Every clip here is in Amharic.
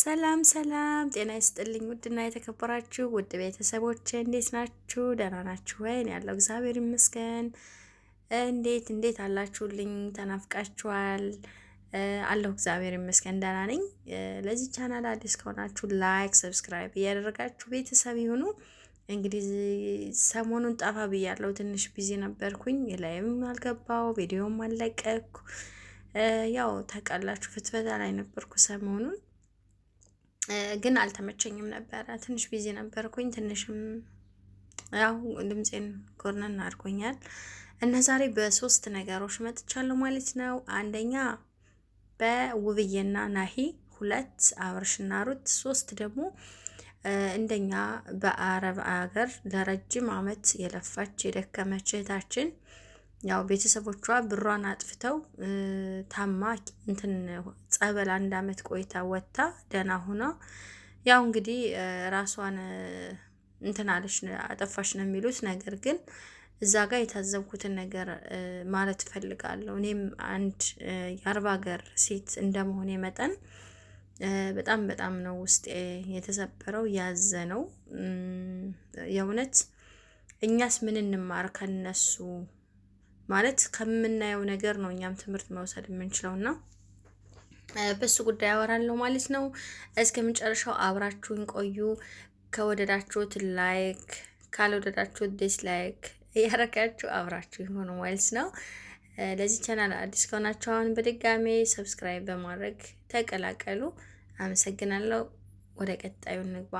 ሰላም ሰላም፣ ጤና ይስጥልኝ ውድና የተከበራችሁ ውድ ቤተሰቦች እንዴት ናችሁ? ደህና ናችሁ ወይን? ያለው እግዚአብሔር ይመስገን። እንዴት እንዴት አላችሁልኝ? ተናፍቃችኋል አለሁ። እግዚአብሔር ይመስገን ደህና ነኝ። ለዚህ ቻናል አዲስ ከሆናችሁ ላይክ፣ ሰብስክራይብ እያደረጋችሁ ቤተሰብ ይሁኑ። እንግዲህ ሰሞኑን ጠፋ ብያለሁ፣ ትንሽ ቢዚ ነበርኩኝ። ላይም አልገባው ቪዲዮም አልለቀኩ፣ ያው ታውቃላችሁ፣ ፍትፈታ ላይ ነበርኩ ሰሞኑን ግን አልተመቸኝም ነበረ። ትንሽ ቢዚ ነበርኩኝ። ትንሽም ያው ድምፄን ጎርነን አድርጎኛል እና ዛሬ በሶስት ነገሮች መጥቻለሁ ማለት ነው። አንደኛ በውብዬና ናሂ፣ ሁለት አብርሽና ሩት፣ ሶስት ደግሞ እንደኛ በአረብ አገር ለረጅም አመት የለፋች የደከመች እህታችን ያው ቤተሰቦቿ ብሯን አጥፍተው ታማ እንትን ጸበል አንድ አመት ቆይታ ወጥታ ደህና ሆና ያው እንግዲህ ራሷን እንትን አለች አጠፋሽ ነው የሚሉት። ነገር ግን እዛ ጋር የታዘብኩትን ነገር ማለት እፈልጋለሁ። እኔም አንድ የአርባ ሀገር ሴት እንደመሆኔ መጠን በጣም በጣም ነው ውስጤ የተሰበረው ያዘ ነው የእውነት እኛስ ምን እንማር ከነሱ ማለት ከምናየው ነገር ነው እኛም ትምህርት መውሰድ የምንችለውና በሱ ጉዳይ አወራለሁ ማለት ነው። እስከ መጨረሻው አብራችሁን ቆዩ። ከወደዳችሁት ላይክ፣ ካልወደዳችሁት ዲስላይክ እያረጋችሁ አብራችሁ የሆኑ ማለት ነው። ለዚህ ቻናል አዲስ ከሆናችሁ አሁን በድጋሜ ሰብስክራይብ በማድረግ ተቀላቀሉ። አመሰግናለሁ። ወደ ቀጣዩ እንግባ።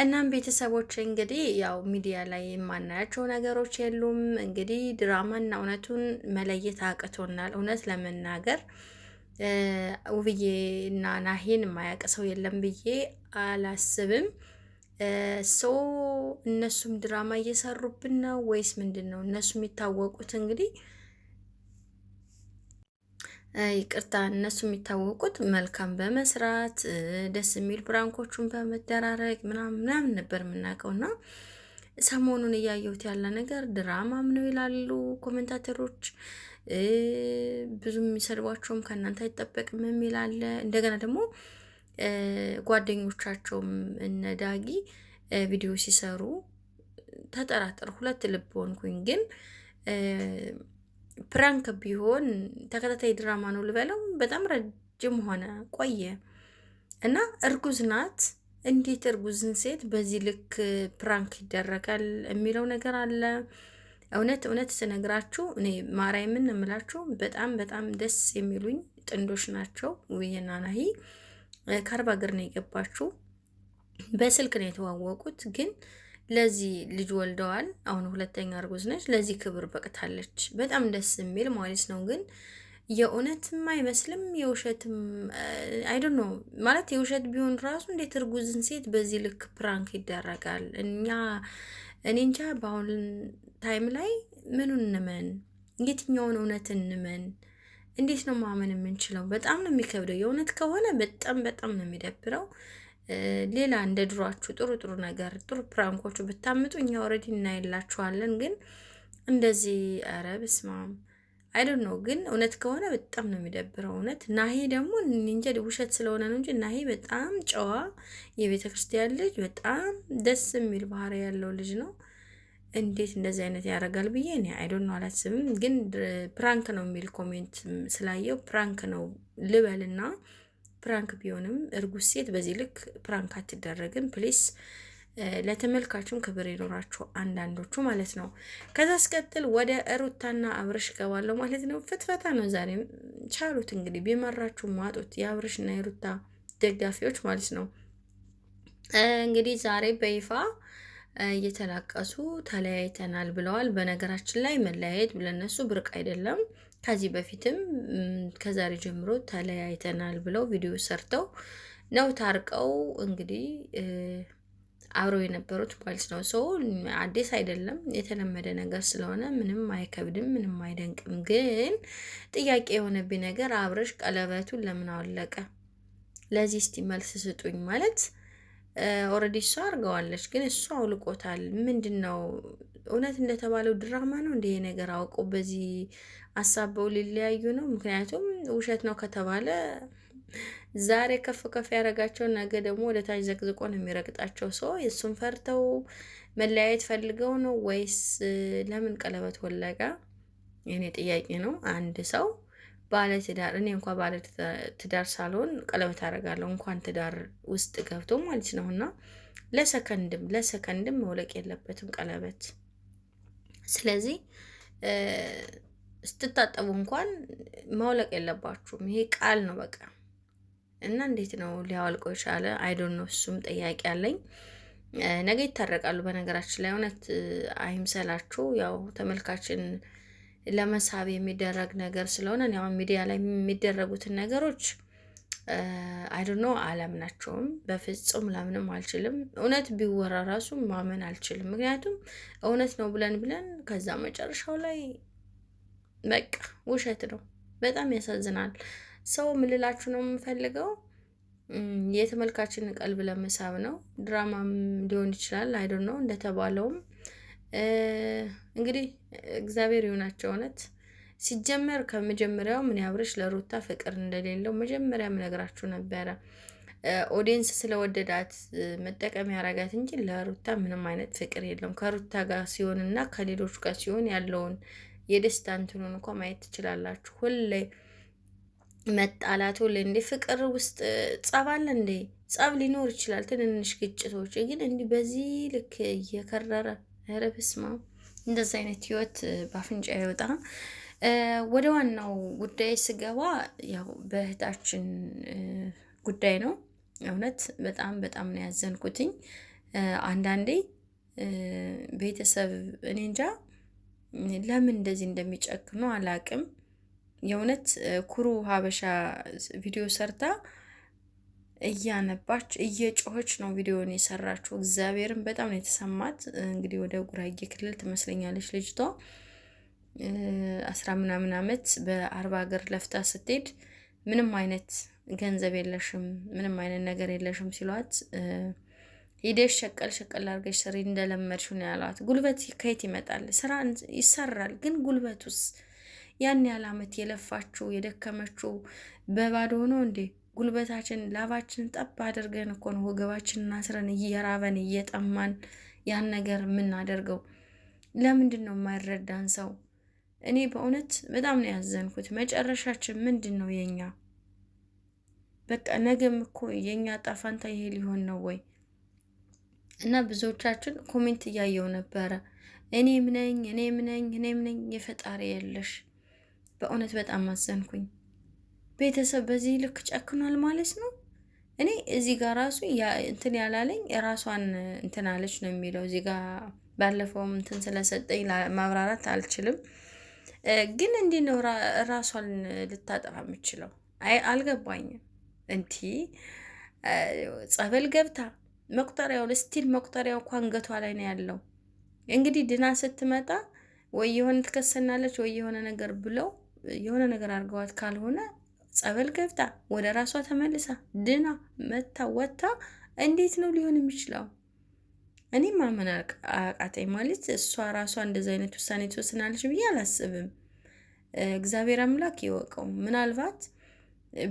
እናም ቤተሰቦች እንግዲህ ያው ሚዲያ ላይ የማናያቸው ነገሮች የሉም። እንግዲህ ድራማና እውነቱን መለየት አቅቶናል። እውነት ለመናገር ውብዬ ና ናሂን የማያውቅ ሰው የለም ብዬ አላስብም። ሶ እነሱም ድራማ እየሰሩብን ነው ወይስ ምንድን ነው? እነሱ የሚታወቁት እንግዲህ ይቅርታ እነሱ የሚታወቁት መልካም በመስራት ደስ የሚል ብራንኮቹን በመደራረግ ምናምን ምናምን ነበር የምናውቀው እና ሰሞኑን እያየሁት ያለ ነገር ድራማም ነው ይላሉ ኮሜንታተሮች። ብዙ የሚሰድቧቸውም ከእናንተ አይጠበቅም የሚል አለ። እንደገና ደግሞ ጓደኞቻቸውም እነ ዳጊ ቪዲዮ ሲሰሩ ተጠራጠር ሁለት ልብ ሆንኩኝ ግን ፕራንክ ቢሆን ተከታታይ ድራማ ነው ልበለው፣ በጣም ረጅም ሆነ ቆየ እና እርጉዝ ናት። እንዴት እርጉዝን ሴት በዚህ ልክ ፕራንክ ይደረጋል የሚለው ነገር አለ። እውነት እውነት ስነግራችሁ እኔ ማርያምን እምላችሁ በጣም በጣም ደስ የሚሉኝ ጥንዶች ናቸው። ውብዬና ናሂ ከአርባ ሀገር ነው የገባችሁ። በስልክ ነው የተዋወቁት ግን ለዚህ ልጅ ወልደዋል። አሁን ሁለተኛ እርጉዝ ነች። ለዚህ ክብር በቅታለች። በጣም ደስ የሚል ማለት ነው። ግን የእውነትም አይመስልም የውሸትም አይደን ነው ማለት የውሸት ቢሆን ራሱ እንዴት እርጉዝን ሴት በዚህ ልክ ፕራንክ ይደረጋል? እኛ እኔ እንጃ በአሁን ታይም ላይ ምኑን እንመን? የትኛውን እውነት እንመን? እንዴት ነው ማመን የምንችለው? በጣም ነው የሚከብደው። የእውነት ከሆነ በጣም በጣም ነው የሚደብረው። ሌላ እንደ ድሯችሁ ጥሩ ጥሩ ነገር ጥሩ ፕራንኮቹ ብታምጡ እኛ ኦልሬዲ እናይላችኋለን። ግን እንደዚህ ኧረ በስመ አብ አይ ዶንት ኖ ግን እውነት ከሆነ በጣም ነው የሚደብረው። እውነት ናሂ ደግሞ እንጃ ውሸት ስለሆነ ነው እንጂ ናሂ በጣም ጨዋ የቤተ ክርስቲያን ልጅ፣ በጣም ደስ የሚል ባህሪ ያለው ልጅ ነው። እንዴት እንደዚህ አይነት ያደርጋል ብዬ እኔ አይ ዶንት ኖ አላስብም። ግን ፕራንክ ነው የሚል ኮሜንት ስላየው ፕራንክ ነው ልበልና ፕራንክ ቢሆንም እርጉዝ ሴት በዚህ ልክ ፕራንክ አትደረግም። ፕሊስ ለተመልካቹም ክብር ይኖራቸው አንዳንዶቹ ማለት ነው። ከዛ አስቀጥል ወደ ሩታና አብርሽ እገባለሁ ማለት ነው። ፍትፈታ ነው ዛሬም። ቻሉት እንግዲህ ቢመራችሁ ማጡት የአብርሽና የሩታ ደጋፊዎች ማለት ነው። እንግዲህ ዛሬ በይፋ እየተላቀሱ ተለያይተናል ብለዋል። በነገራችን ላይ መለያየት ለእነሱ ብርቅ አይደለም። ከዚህ በፊትም ከዛሬ ጀምሮ ተለያይተናል ብለው ቪዲዮ ሰርተው ነው ታርቀው እንግዲህ አብረው የነበሩት ማለት ነው። ሰው አዲስ አይደለም፣ የተለመደ ነገር ስለሆነ ምንም አይከብድም፣ ምንም አይደንቅም። ግን ጥያቄ የሆነብኝ ነገር አብረሽ ቀለበቱን ለምን አወለቀ? ለዚህ እስቲ መልስ ስጡኝ። ማለት ኦልሬዲ እሷ አድርገዋለች፣ ግን እሷ አውልቆታል። ምንድን ነው እውነት እንደተባለው ድራማ ነው እንደ ነገር አውቀው በዚህ አሳበው ሊለያዩ ነው። ምክንያቱም ውሸት ነው ከተባለ ዛሬ ከፍ ከፍ ያደረጋቸው ነገ ደግሞ ወደ ታች ዘቅዝቆ ነው የሚረግጣቸው። ሰው እሱን ፈርተው መለያየት ፈልገው ነው ወይስ ለምን ቀለበት ወለቀ? የኔ ጥያቄ ነው። አንድ ሰው ባለ ትዳር እኔ እንኳ ባለ ትዳር ሳልሆን ቀለበት አደርጋለሁ እንኳን ትዳር ውስጥ ገብቶ ማለት ነው። እና ለሰከንድም ለሰከንድም መውለቅ የለበትም ቀለበት። ስለዚህ ስትታጠቡ እንኳን ማውለቅ የለባችሁም። ይሄ ቃል ነው በቃ። እና እንዴት ነው ሊያወልቆ የቻለ? አይዶን ነው እሱም ጥያቄ አለኝ። ነገ ይታረቃሉ። በነገራችን ላይ እውነት አይምሰላችሁ። ያው ተመልካችን ለመሳብ የሚደረግ ነገር ስለሆነ ያው ሚዲያ ላይ የሚደረጉትን ነገሮች አይዶኖ አላምናቸውም። በፍጹም ላምንም አልችልም። እውነት ቢወራ ራሱ ማመን አልችልም። ምክንያቱም እውነት ነው ብለን ብለን ከዛ መጨረሻው ላይ በቃ ውሸት ነው። በጣም ያሳዝናል። ሰው ምልላችሁ ነው የምፈልገው የተመልካችን ቀልብ ለመሳብ ነው። ድራማም ሊሆን ይችላል አይዶኖ እንደተባለውም እንግዲህ እግዚአብሔር ይሆናቸው እውነት ሲጀመር ከመጀመሪያው ምን አብርሽ ለሩታ ፍቅር እንደሌለው መጀመሪያ ምነግራችሁ ነበረ። ኦዲየንስ ስለወደዳት መጠቀም ያረጋት እንጂ ለሩታ ምንም አይነት ፍቅር የለውም። ከሩታ ጋር ሲሆን እና ከሌሎች ጋር ሲሆን ያለውን የደስታ እንትኑን እንኳ ማየት ትችላላችሁ። ሁሌ መጣላት፣ ሁሌ እንዴ ፍቅር ውስጥ ጸብ አለ እንዴ? ጸብ ሊኖር ይችላል፣ ትንንሽ ግጭቶች፣ ግን እንዲህ በዚህ ልክ እየከረረ ረብስማ እንደዚ አይነት ህይወት በአፍንጫ ይወጣ ወደ ዋናው ጉዳይ ስገባ ያው በእህታችን ጉዳይ ነው። እውነት በጣም በጣም ነው ያዘንኩትኝ። አንዳንዴ ቤተሰብ እኔ እንጃ ለምን እንደዚህ እንደሚጨክኑ አላቅም። የእውነት ኩሩ ሀበሻ ቪዲዮ ሰርታ እያነባች እየጮኸች ነው ቪዲዮን የሰራችው። እግዚአብሔርን በጣም ነው የተሰማት። እንግዲህ ወደ ጉራጌ ክልል ትመስለኛለች ልጅቷ አስራ ምናምን ዓመት በአርባ ሀገር ለፍታ ስትሄድ ምንም አይነት ገንዘብ የለሽም፣ ምንም አይነት ነገር የለሽም ሲሏት ሂደሽ ሸቀል ሸቀል አድርገሽ ስሪ እንደለመድሽው ነው ያሏት። ጉልበት ከየት ይመጣል? ስራ ይሰራል፣ ግን ጉልበቱስ ያን ያህል ዓመት የለፋችው የደከመችው በባዶ ሆኖ እንዴ? ጉልበታችን ላባችን ጠብ አድርገን እኮ ነው ወገባችንን አስረን እየራበን እየጠማን ያን ነገር የምናደርገው። ለምንድን ነው የማይረዳን ሰው እኔ በእውነት በጣም ነው ያዘንኩት። መጨረሻችን ምንድን ነው የኛ? በቃ ነገም እኮ የኛ ጣፋንታ ይሄ ሊሆን ነው ወይ? እና ብዙዎቻችን ኮሜንት እያየው ነበረ። እኔ ምነኝ እኔ ምነኝ እኔ ምነኝ የፈጣሪ የለሽ። በእውነት በጣም አዘንኩኝ። ቤተሰብ በዚህ ልክ ጨክኗል ማለት ነው። እኔ እዚህ ጋር ራሱ እንትን ያላለኝ ራሷን እንትን አለች ነው የሚለው እዚህ ጋር ባለፈውም እንትን ስለሰጠኝ ማብራራት አልችልም። ግን እንዴት ነው ራሷን ልታጠፋ የምችለው? አይ አልገባኝም። እንቲ ጸበል ገብታ መቁጠሪያውን ስቲል መቁጠሪያው እኳ አንገቷ ላይ ነው ያለው። እንግዲህ ድና ስትመጣ ወይ የሆነ ትከሰናለች ወይ የሆነ ነገር ብለው የሆነ ነገር አድርገዋት ካልሆነ ጸበል ገብታ ወደ ራሷ ተመልሳ ድና መታ ወታ እንዴት ነው ሊሆን የሚችለው? እኔ ማመን አቃተኝ። ማለት እሷ ራሷ እንደዚ አይነት ውሳኔ ትወስናለች ብዬ አላስብም። እግዚአብሔር አምላክ ይወቀው። ምናልባት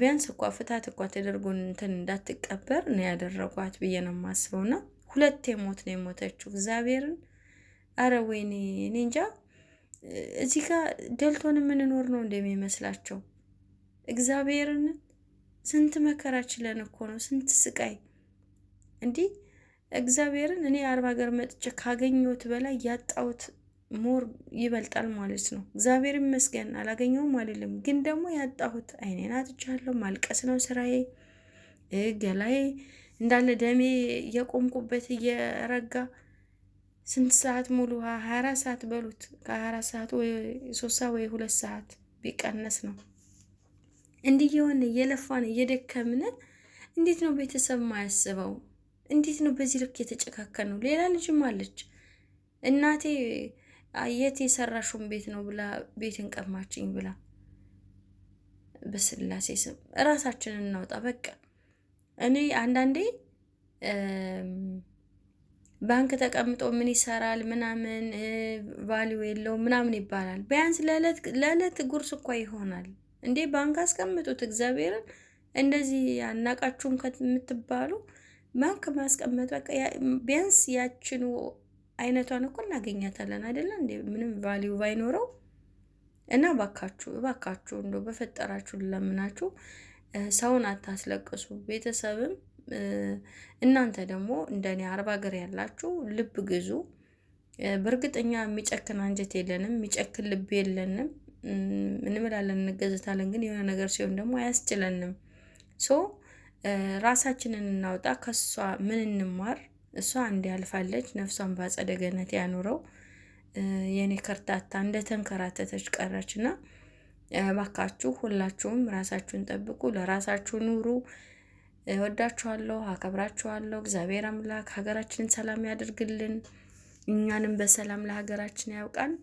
ቢያንስ እኳ ፍታት እኳ ተደርጎ እንትን እንዳትቀበር ነው ያደረጓት ብዬ ነው የማስበው። እና ሁለቴ ሞት ነው የሞተችው። እግዚአብሔርን አረ ወይኔ እኔ እንጃ። እዚህ ጋር ደልቶን የምንኖር ነው እንደሚመስላቸው እግዚአብሔርን ስንት መከራ ችለን እኮ ነው ስንት ስቃይ እንዲህ እግዚአብሔርን እኔ አረብ ሀገር መጥቼ ካገኘሁት በላይ ያጣሁት ሞር ይበልጣል ማለት ነው። እግዚአብሔር ይመስገን አላገኘውም አይደለም፣ ግን ደግሞ ያጣሁት አይኔን አጥቻለሁ። ማልቀስ ነው ስራዬ። ገላዬ እንዳለ ደሜ የቆምኩበት እየረጋ ስንት ሰዓት ሙሉ ሀያ አራት ሰዓት በሉት ከሀያ አራት ሰዓት ወይ ሶስት ሰዓት ወይ ሁለት ሰዓት ቢቀነስ ነው። እንዲህ የሆነ እየለፋን እየደከምን እንዴት ነው ቤተሰብ ማያስበው? እንዴት ነው በዚህ ልክ የተጨካከ ነው? ሌላ ልጅም አለች እናቴ የት የሰራሽውን ቤት ነው ብላ ቤትን ቀማችኝ ብላ በስላሴ ስም እራሳችንን እናውጣ። በቃ እኔ አንዳንዴ ባንክ ተቀምጦ ምን ይሰራል ምናምን ቫሊው የለው ምናምን ይባላል። ቢያንስ ለዕለት ጉርስ እኳ ይሆናል እንዴ ባንክ አስቀምጡት። እግዚአብሔርን እንደዚህ አናቃችሁም ከምትባሉ ባንክ ማስቀመጥ በቃ ቢያንስ ያችኑ አይነቷን እኮ እናገኛታለን አይደለ? እንደ ምንም ቫሊዩ ባይኖረው እና እባካችሁ እባካችሁ እንደው በፈጠራችሁ ለምናችሁ ሰውን አታስለቅሱ። ቤተሰብም እናንተ ደግሞ እንደኔ አርባ ሀገር ያላችሁ ልብ ግዙ። በእርግጠኛ የሚጨክን አንጀት የለንም፣ የሚጨክን ልብ የለንም። እንምላለን፣ እንገዘታለን። ግን የሆነ ነገር ሲሆን ደግሞ አያስችለንም ሶ ራሳችንን እናውጣ፣ ከሷ ምን እንማር? እሷ አንድ ያልፋለች፣ ነፍሷን ባጸደ ገነት ያኑረው። የኔ ከርታታ እንደ ተንከራተተች ቀረች እና ባካችሁ ሁላችሁም ራሳችሁን ጠብቁ፣ ለራሳችሁ ኑሩ። ወዳችኋለሁ፣ አከብራችኋለሁ። እግዚአብሔር አምላክ ሀገራችንን ሰላም ያደርግልን፣ እኛንም በሰላም ለሀገራችን ያውቃል።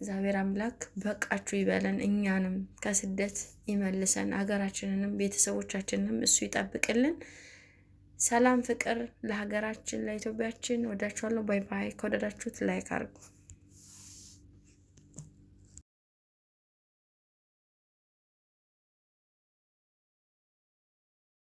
እግዚአብሔር አምላክ በቃችሁ ይበለን፣ እኛንም ከስደት ይመልሰን፣ ሀገራችንንም ቤተሰቦቻችንንም እሱ ይጠብቅልን። ሰላም ፍቅር ለሀገራችን ለኢትዮጵያችን። ወዳችኋለሁ። ባይ ባይ። ከወደዳችሁት ላይክ አርጉ።